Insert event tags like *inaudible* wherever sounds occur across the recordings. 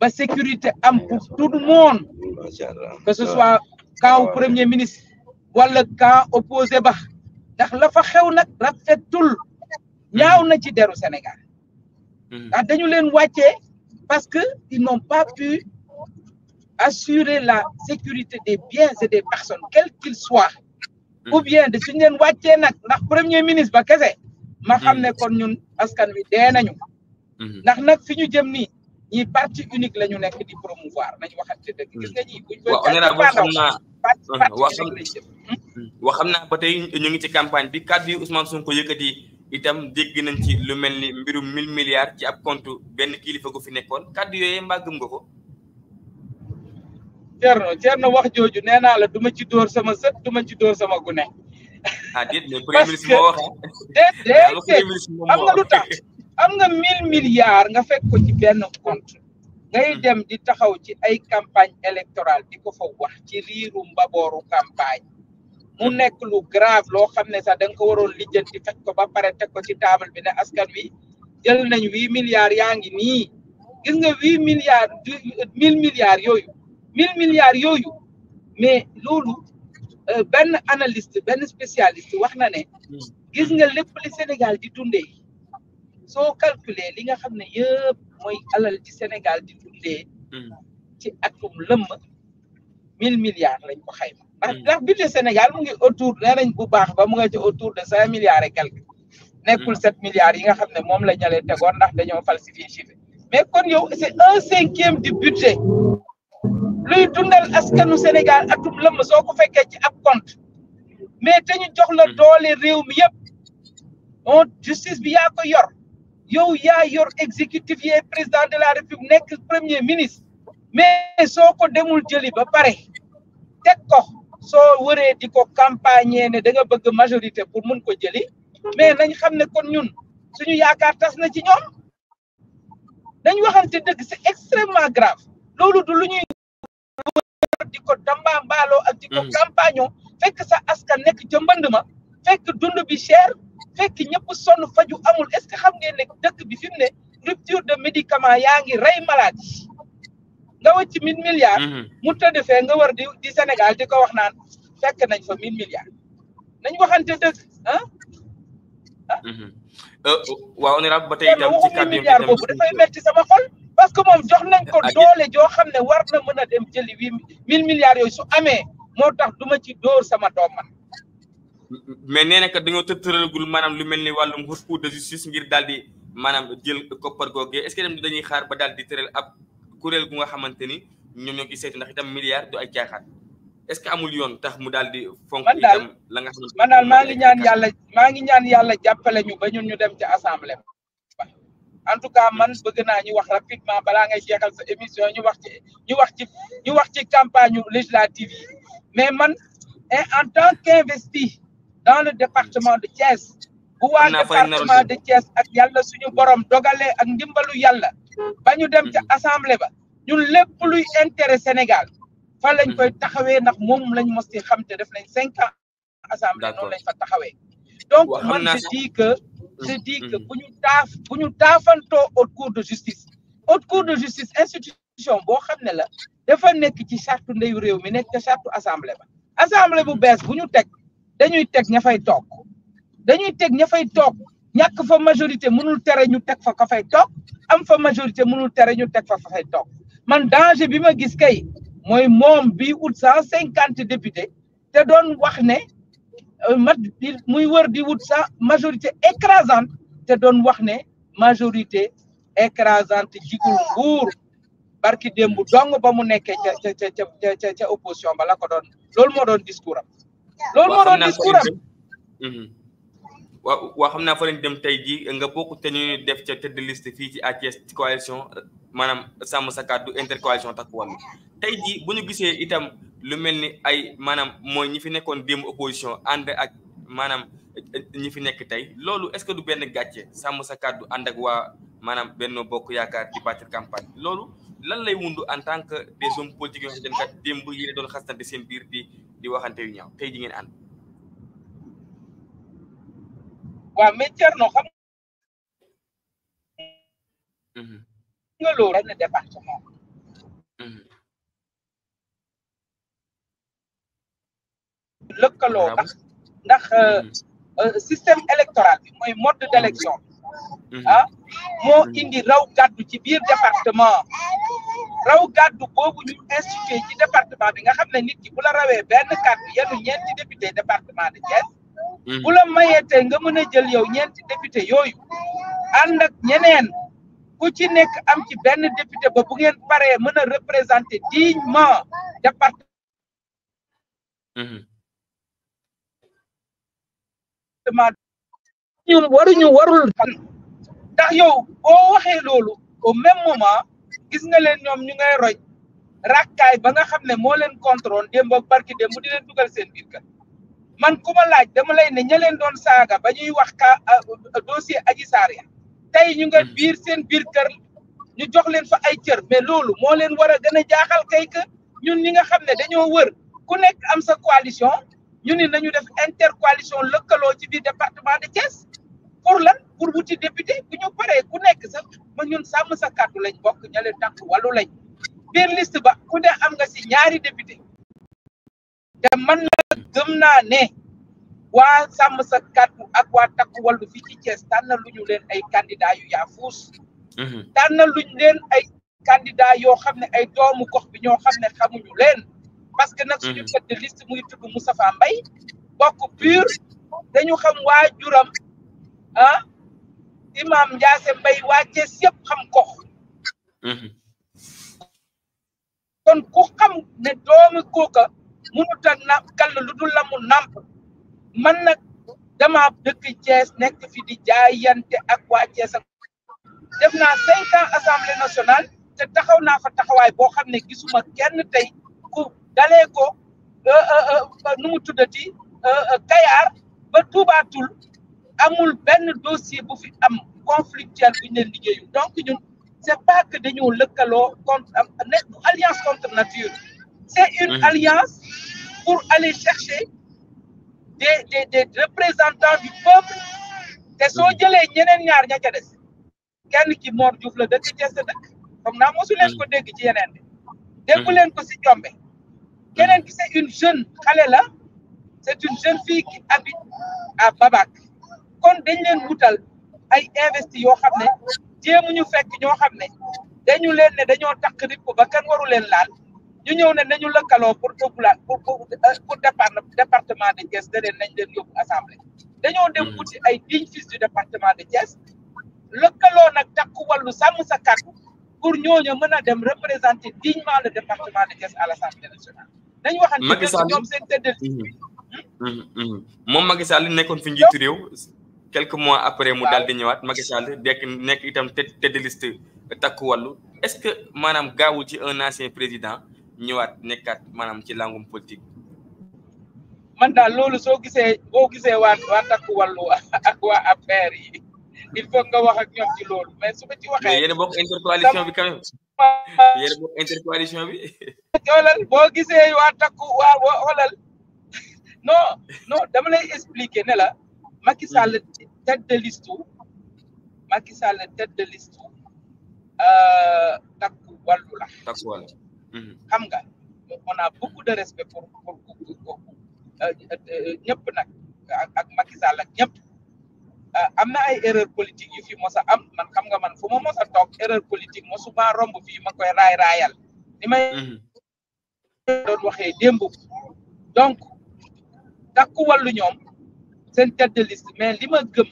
ba sécurité am pour tout le monde que ce soit cas premier ministre wala ka opposé ba ndax la fa xew nag toul ñaaw na ci deru Sénégal hmm. ndax dañu leen wàccee parce que ils n'ont pas pu assurer la sécurité des biens et des personnes quels qu'ils soient hmm. ou bien de suñu leen wàccee nag ndax premier ministre ba kese ma xam hmm. ne kon ñun askan wi dee nañu ndax nag fi ñu jëm nii ñi parti unique lañu ñu nekk di promouvoir nañu waxante dëgg. Hmm. gis nga ñii buñ bëri kàddu xam naa wax hmm. xam naa ba tey ñu ngi ci campagne bi kàddu yi Ousmane Sonko yëkkati itam dégg nañ ci lu mel ni mbirum 1000 milliards ci ab compte benn kilifa gu fi nekkoon kàddu yooyu mbaa gëm nga ko. Thierno Thierno wax jooju nee naa la du ci dóor sama sët du ci dóor sama gune. ah déet mais *laughs* premier ministre moo wax. *laughs* déet déet xam nga lu tax. am nga mille milliards nga fekk ko ci benn compte ngay hmm. dem di taxaw ci ay campagne électorale di ko fa wax ci riiru mbabooru campagne mu hmm. nekk lu grave loo xam ne sax da nga ko waroon lijjanti fekk ko ba pare teg ko ci table bi ne askan wi jël nañ huit yaa ngi nii gis nga huit milliards mille milliards yooyu mille milliards yooyu mais loolu euh, benn analyste benn spécialiste wax na ne hmm. gis nga lépp li Sénégal di dundee soo calculer li nga xam ne yëpp mooy alal ci Sénégal di dundee. Hmm. ci atum lëmm mille milliards lañ ko xayma. Hmm. ndax ndax budget Sénégal mu ngi autour nee nañ bu baax ba mu nga ci autour de cinq milliards et quelque. nekkul hmm. sept milliards yi nga xam ne moom la ñalee tegoon ndax dañoo falsifié chiffre mais kon yow c'est un cinquième du budget luy dundal askanu Sénégal atum lëmm soo ko fekkee ci ab compte mais te ñu jox la doole réew mi yëpp donc justice bi yaa ko yor. yow yaa yor exécutif yee président de la république nekk premier ministre mais soo ko demul jëli ba pare teg ko soo wëree di ko campagne ne da nga bëgg majorité pour mun ko jëli mais nañ xam ne kon ñun suñu yaakaar tas na ci ñoom dañ waxante dëgg c'est extrêmement grave loolu du lu ñuy di ko dambaa mbaaloo ak di ko hmm. campagneo fekk sa askan nekk ca mbënd ma fekk dund bi cher fekk ñëpp sonn faju amul est ce que xam ngeen ne dëkk bi fi mu ne rupture de médicament yaa ngi rey maladie nga wëcc mille milliards mhm. mu tëdd fee nga war di di Sénégal di ko wax naan fekk nañ fa mille milliards nañ waxante dëgg ah, ah? Mhm. Euh, waaw honorable ba tey itam ci kàddu milliard boobu dafay metti sama xol parce que moom jox nañ ko doole joo xam ne war na mën a dem jëli huit mille milliards su amee moo tax du ma ci dóor sama doom mais nee na que dañoo tëralagul maanaam lu mel ni wàllum haute cour de justice ngir daal di maanaam jël koppar googee est ce que dem dañuy xaar ba daal di tëral ab kuréel gu nga xamante ni ñoom ñoo ki seeti ndax itam milliard du ay caaxaan est ce que amul yoon tax mu daal di. fonk itam la nga xamante man daal maa ngi ñaan yàlla maa ngi ñaan yàlla jàppale ñu ba ñu ñu dem ci assemblée en tout cas man bëgg naa ñu wax rapidement balaa ngay jeexal sa émission ñu wax ci ñu wax ci ñu wax ci campagne législative yi mais man en tant qu'investi dans le département de Thiès. bu waa département de Thiès ak yàlla suñu borom dogalee ak ndimbalu yàlla. ba ñu dem ca mm-hmm. assemblée ba. ñu lépp luy intérêt Sénégal. fa lañ mm-hmm. koy taxawee ndax moom lañ mos di xam te def nañ cinq ans. assemblée noonu lañ fa taxawee. donc man je dis que. je mm-hmm. dis que bu ñu taaf bu ñu taafantoo haute cour de justice. haute cour de justice institution boo xam ne la. dafa nekk ci charte ndeyu réew mi nekk ca charte assemblée ba. assemblée bu bees bu dañuy teg ña fay toog dañuy teg ña fay toog ñàkk fa majorité mënul tere ñu teg fa ka fay toog am fa majorité mënul tere ñu teg fa ka fay toog man danger bi ma gis kay mooy moom bi ut cent cinquante député te doon wax ne euh, mat muy wër di wut sa majorité écrasante te doon wax ne majorité écrasante jigul nguur barki démb dong ba mu nekkee ca ca ca ca ca opposition ba la ko doon loolu moo doon discours am loolu moo doon discours am waaw mhm. waaw xam naa fa lañ dem tey jii nga bokk te ñu def ca tëdd liste fii ci Thiès ci coalition maanaam sàmm sa kàddu intercoalition Takku Wallu tey jii bu ñu gisee itam lu mel ni ay maanaam mooy ñi fi nekkoon démb opposition ànd ak maanaam eh, ñi fi nekk tey loolu est-ce que du benn gàcce sàmm sa kàddu ànd ak waa maanaam Benno Bokk Yaakaar di battre campagne loolu lan lay wundu en tant que des hommes politiques yoo xamante ne kat démb yi doon xasante seen biir di di waxante yu ñaaw tey ji ngeen ànd. waaw mais Thierno xam mhm. mhm. lëkkaloo ndax ndax euh, mhm. euh, système électoral mooy mode d'élection ah, moo indi raw gàddu ci biir département raw gàddu boobu ñu institué ci département bi nga xam ne nit ki bu la rawee benn kàddu yenu ñeenti député département de Thiès hmm. bu la mayetee nga mën a jël yow ñeenti député yooyu ànd ak ñeneen ku ci nekk am ci benn député ba bu ngeen paree mën a représenter ma hmm. département ñu waruñu warul ndax yow boo waxee loolu au même moment gis nga leen ñoom ñu ngay roj rakkaay ba nga xam ne moo leen contrôle démb ak barki démb di leen dugal seen biir kër man ku ma laaj dama lay ne ña leen doon saaga ba ñuy wax ka euh, dossier ak saar ya tey ñu nga hmm. biir seen biir kër ñu jox leen fa ay cër mais loolu moo leen war a gën a jaaxal kay que ñun ñi nga xam ne dañoo wër ku nekk am sa coalition ñu ni nañu def intercoalition lëkkaloo ci biir département de Thiès pour la pour wuti député bu ñu paree ku nekk sax ma ñun sàmm sa kàddu lañ bokk ñale takk wàllu lañ biir liste ba ku ne am nga si ñaari député te man na gëm naa ne waa sàmm sa kàddu ak waa takku wàllu fii ci Thiès tànnal lu ñu leen ay candidat yu yaa fuus mhm. tànnal luñ leen ay candidat yoo xam ne ay doomu gox bi ñoo xam ne xamuñu leen parce que nag suñu mhm. tête de liste muy tudd Moustapha mbay bokk pur dañu xam waajuram ah imam Ndiassé Mbaye waa Thiès yëpp xam ko mhm. kon ku xam ne doomi kooka mënut a na kall lu dul la mu man nag dama dëkk Thiès nekk fi di jaayante ak waa Thiès def naa cinq ans assemblée te taxaw naa fa taxawaay boo xam ne gisuma kenn tey ku dalee ko euh, euh, euh, nu mu tuddati Kayar ba Touba amul benn dossier bu fi am conflictuel bu ñu leen liggéeyu donc ñun c'est pas que dañoo lëkkaloo contre alliance contre nature c'est une mhm. alliance pour aller chercher des des des représentants du peuple te soo mhm. jëlee ñeneen ñaar ña ca des kenn ki Mor Diouf la dëkk Thiès dëkk comme naa mosu leen mhm. ko dégg ci yeneen de déggu leen ko si Jombe keneen ki c'est une jeune xale la c'est une jeune fille qui habite à Babac kon dañ leen wutal ay investi yoo xam ne ñu fekk ñoo xam ne dañu leen ne dañoo takk rip ba kenn waru leen laal ñu ñëw ne nañu lëkkaloo pour population pour pour pour département de Thiès da leen nañ leen yóbbu assemblée. dañoo dem hmm. wuti ay dignes fils du département de Thiès lëkkaloo nag takku wallu sàmm sa kàddu pour ñooñu mën a dem représenter dignement le département de Thiès à l'Assemblée nationale. nañu waxante ne ñoom de tëddal hmm. hmm. moom Macky Sall nekkoon fi njiitu réew. quelques mois après mu daal di ñëwaat Macky Sall dekk nekk itam tête de liste takku wàllu est-ce que maanaam gaawul ci un ancien président ñëwaat nekkaat maanaam ci langum politique man daal loolu soo gisee boo gisee waa waa takku wa *laughs* ak yi il faut nga wax ak ñoom ci loolu mais su ci waxee. mais yéen a bi quand même a bokk bi. *laughs* xoolal boo gisee waa takku waa waa xoolal *laughs* non non dama lay expliquer ne la. Macky Sall tête de liste Macky Sall tête de liste takku wàllu la. takku wàllu. Mhm. xam nga on de respect pour pour pour euh, euh, ñëpp nag ak ak Macky Sall ak euh, am na ay erreur politique yu fi mos a am man xam nga man fu ma mos a erreur politique mosuma romb fii ma koy raay raayal. ni may mhm. donc takku wàllu ñoom. seen tête de liste mais li ma gëm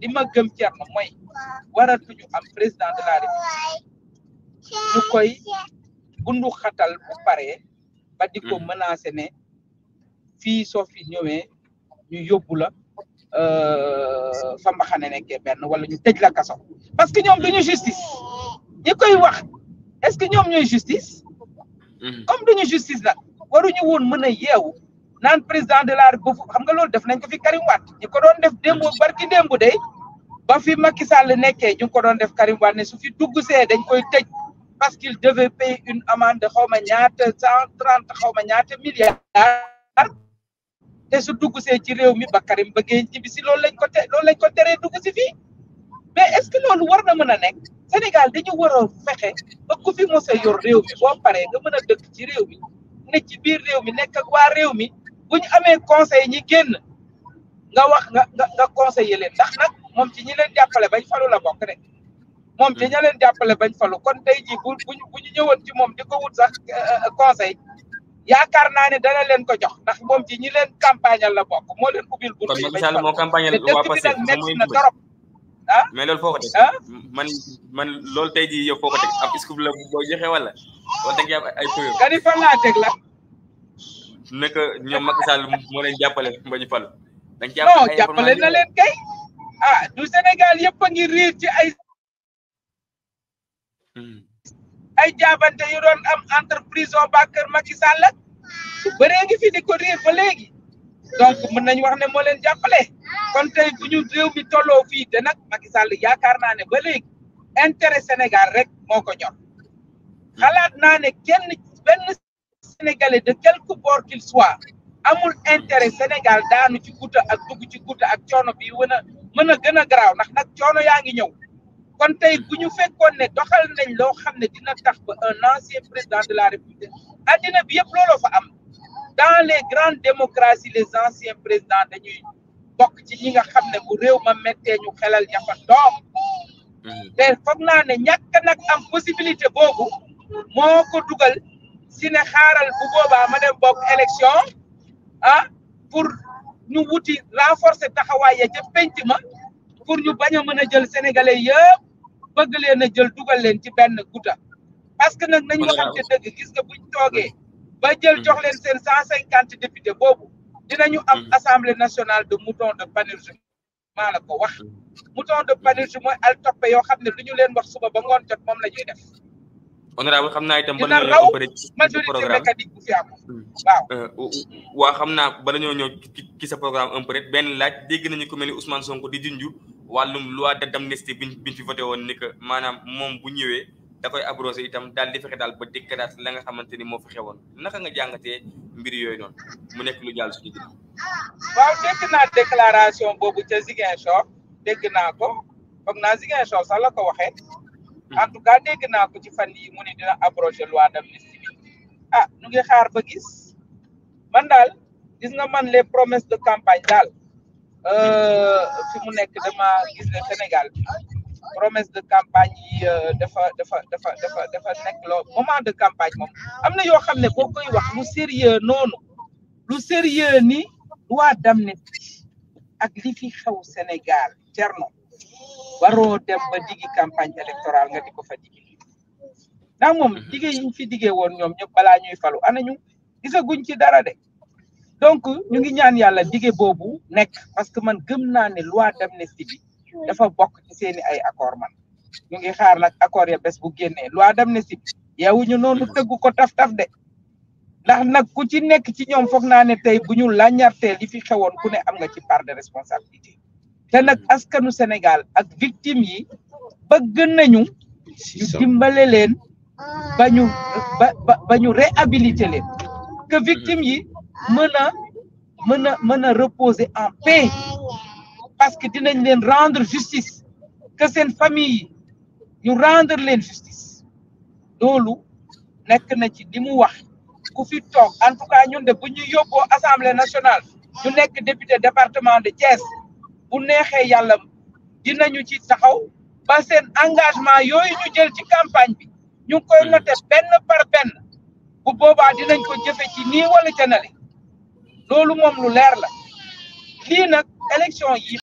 li ma gëm ceer na mooy waratuñu am président de la république ñu koy bundu xatal bu pare ba di ko mm. menacer ne fii soo fi ñëwee ñu yóbbu la euh, fa mbaxane nekkee benn wala ñu tej la parce que ñoom duñu justice ñi koy wax est-ce que ñoom ñooy justice mm. comme duñu justice nag waruñu woon mën a yeewu naan président de la République xam nga loolu def nañ ko fi Karim Wade ñu ko doon def démb barki démb de ba fi Macky Sall nekkee ñu ko doon def Karim Wade ne su fi duggu see dañ koy tej parce qu'il devait payer une amende xaw ma ñaata cent trente xaw ma ñaata milliards te su dugg see ci réew mi ba Karim bëggee ñibbi si loolu lañ ko te lañ ko teree dugg si fii mais est-ce que loolu war na mën a nekk Sénégal dañu war a fexe ba ku fi mos a yor réew mi boo paree nga mën a dëkk ci réew mi ne ci biir réew mi nekk waa réew mi bu ñu amee conseil ñi génn nga wax nga nga nga conseiller leen ndax nag moom ci ñi leen jàppale bañ falu la bokk rek moom ci ña leen jàppale bañ falu kon tey jii bu bu bu ñu ñëwoon ci moom di ko wut sax eh, eh, conseil yaakaar naa ne dana leen ko jox ndax moom ci ñi leen campagnal la bokk moo leen ubbil bunt yi bañ falu te dëkk bi nag metti na torop ah mais loolu foo ah? man man loolu tey jii yow foo ko teg ab ah! scoop la boo joxe wala wala teg ay ay nga ni fan la. ne que ñoom Macky Sall moo leen jàppale ba ñu fal. dañ ci non jàppale na leen kay ah du Sénégal yëpp a ngi riir ci ay. Hmm. ay jaabante yu doon am entreprise au bas kër Macky Sall ak fi di ko riir ba léegi donc mën nañu wax ne moo leen jàppale kon tey bu ñu réew mi tolloo fii de nag Macky Sall naa ne ba léegi intérêt rek moo ko ñor hmm. xalaat naa ne kenn benn. sénégalais de quelque bord qu'il soit amul intérêt Sénégal daanu ci guuta ak dugg ci guuta ak coono bi mën a mën a gën ndax nag coono yaa ngi ñëw kon tey bu ñu fekkoon ne doxal nañ loo xam ne dina tax ba un ancien président de la république addina bi yëpp looloo fa am dans les grandes démocraties les anciens présidents dañuy bokk ci ñi nga xam ne bu réew ma méttee ñu xelal ña fa doom mm-hmm. te foog naa ne ñàkk nag am possibilité boobu moo ko dugal ci ne xaaral bu boobaa ma dem bokk élection ah pour ñu wuti renforcer taxawaay ya ca penc ma pour ñu bañ a mën a jël sénégalais yëpp bëgg leen a jël dugal leen ci benn guta parce que nag nañ waxante dëgg gis nga buñ toogee ba jël mm. jox leen seen cent cinquante député boobu dinañu am mm. assemblée nationale de mouton de panurge maa la ko wax mm. mouton de panurge mooy toppe yoo xam ne lu ñu leen wax suba ba ngoon jot moom la ñuy def honorable xam naa itam ba la ñoo opéré ci programme hmm. waaw euh, waa xam naa bala ñoo ñëw ci sa programme un benn laaj dégg nañu ko mel ni Ousmane Sonko di junju wàllum loi d'amnistie bi biñ fi voté woon ni que maanaam moom bu ñëwee da koy abrogé itam daal di fexe daal ba décadaat la nga xamante ni moo fexe woon naka nga jàngatee mbir yooyu noonu mu nekk lu jàll suñu ginnaaw waaw dégg naa déclaration boobu ca Ziguinchor dégg naa ko foog naa Ziguinchor sax la ko waxee en tout cas dégg naa ko ci fan yi dina abroger loi d'amnistie bi ah ñu ngi xaar ba gis man daal gis nga man les promesses de campagne daal euh, fi mu nekk dama gis ne Sénégal promesse de campagne yi euh, dafa dafa dafa dafa dafa nekk loo moment de campagne moom am na yoo xam ne boo koy wax lu sérieux noonu lu sérieux ni loi d'amnistie ak li fi xew Sénégal Thierno waroo dem ba digi campagne électorale nga di ko fa digi ndax moom mhm. digee yiñ fi digee woon ñoom ñëpp balaa ñuy falu ana ñu gisaguñ ci dara de donc ñu ngi ñaan yàlla dige boobu nekk parce que man gëm naa ne loi d'amnistie bi dafa bokk ci seeni ay accord man ñu ngi xaar nag accord ya bés bu génnee loi d'amnistie bi ñu noonu tëggu ko taf-taf de ndax nag ku ci nekk ci ñoom foog naa ne tey bu ñu lañartee li fi xewoon ku ne am nga ci part de responsabilité te nag askanu Sénégal ak victime yi bëgg nañu ñu dimbale leen ba ñu ba ba ñu mm-hmm. yi mën a mën a mën a reposer en paix parce que dinañ leen rendre justice que seen famille yi ñu rendre leen justice loolu nekk na ci li mu wax ku fi toog en tout cas ñun de bu ñu yóbboo assemblée nationale ñu nekk député département de Thiès bu neexee yàlla dinañu ci taxaw ba seen engagement yooyu ñu jël ci campagne bi ñu ngi koy mm. noté benn par benn bu boobaa dinañ ko jëfe ci ni wala ca nale loolu moom lu leer la lii nag élection yi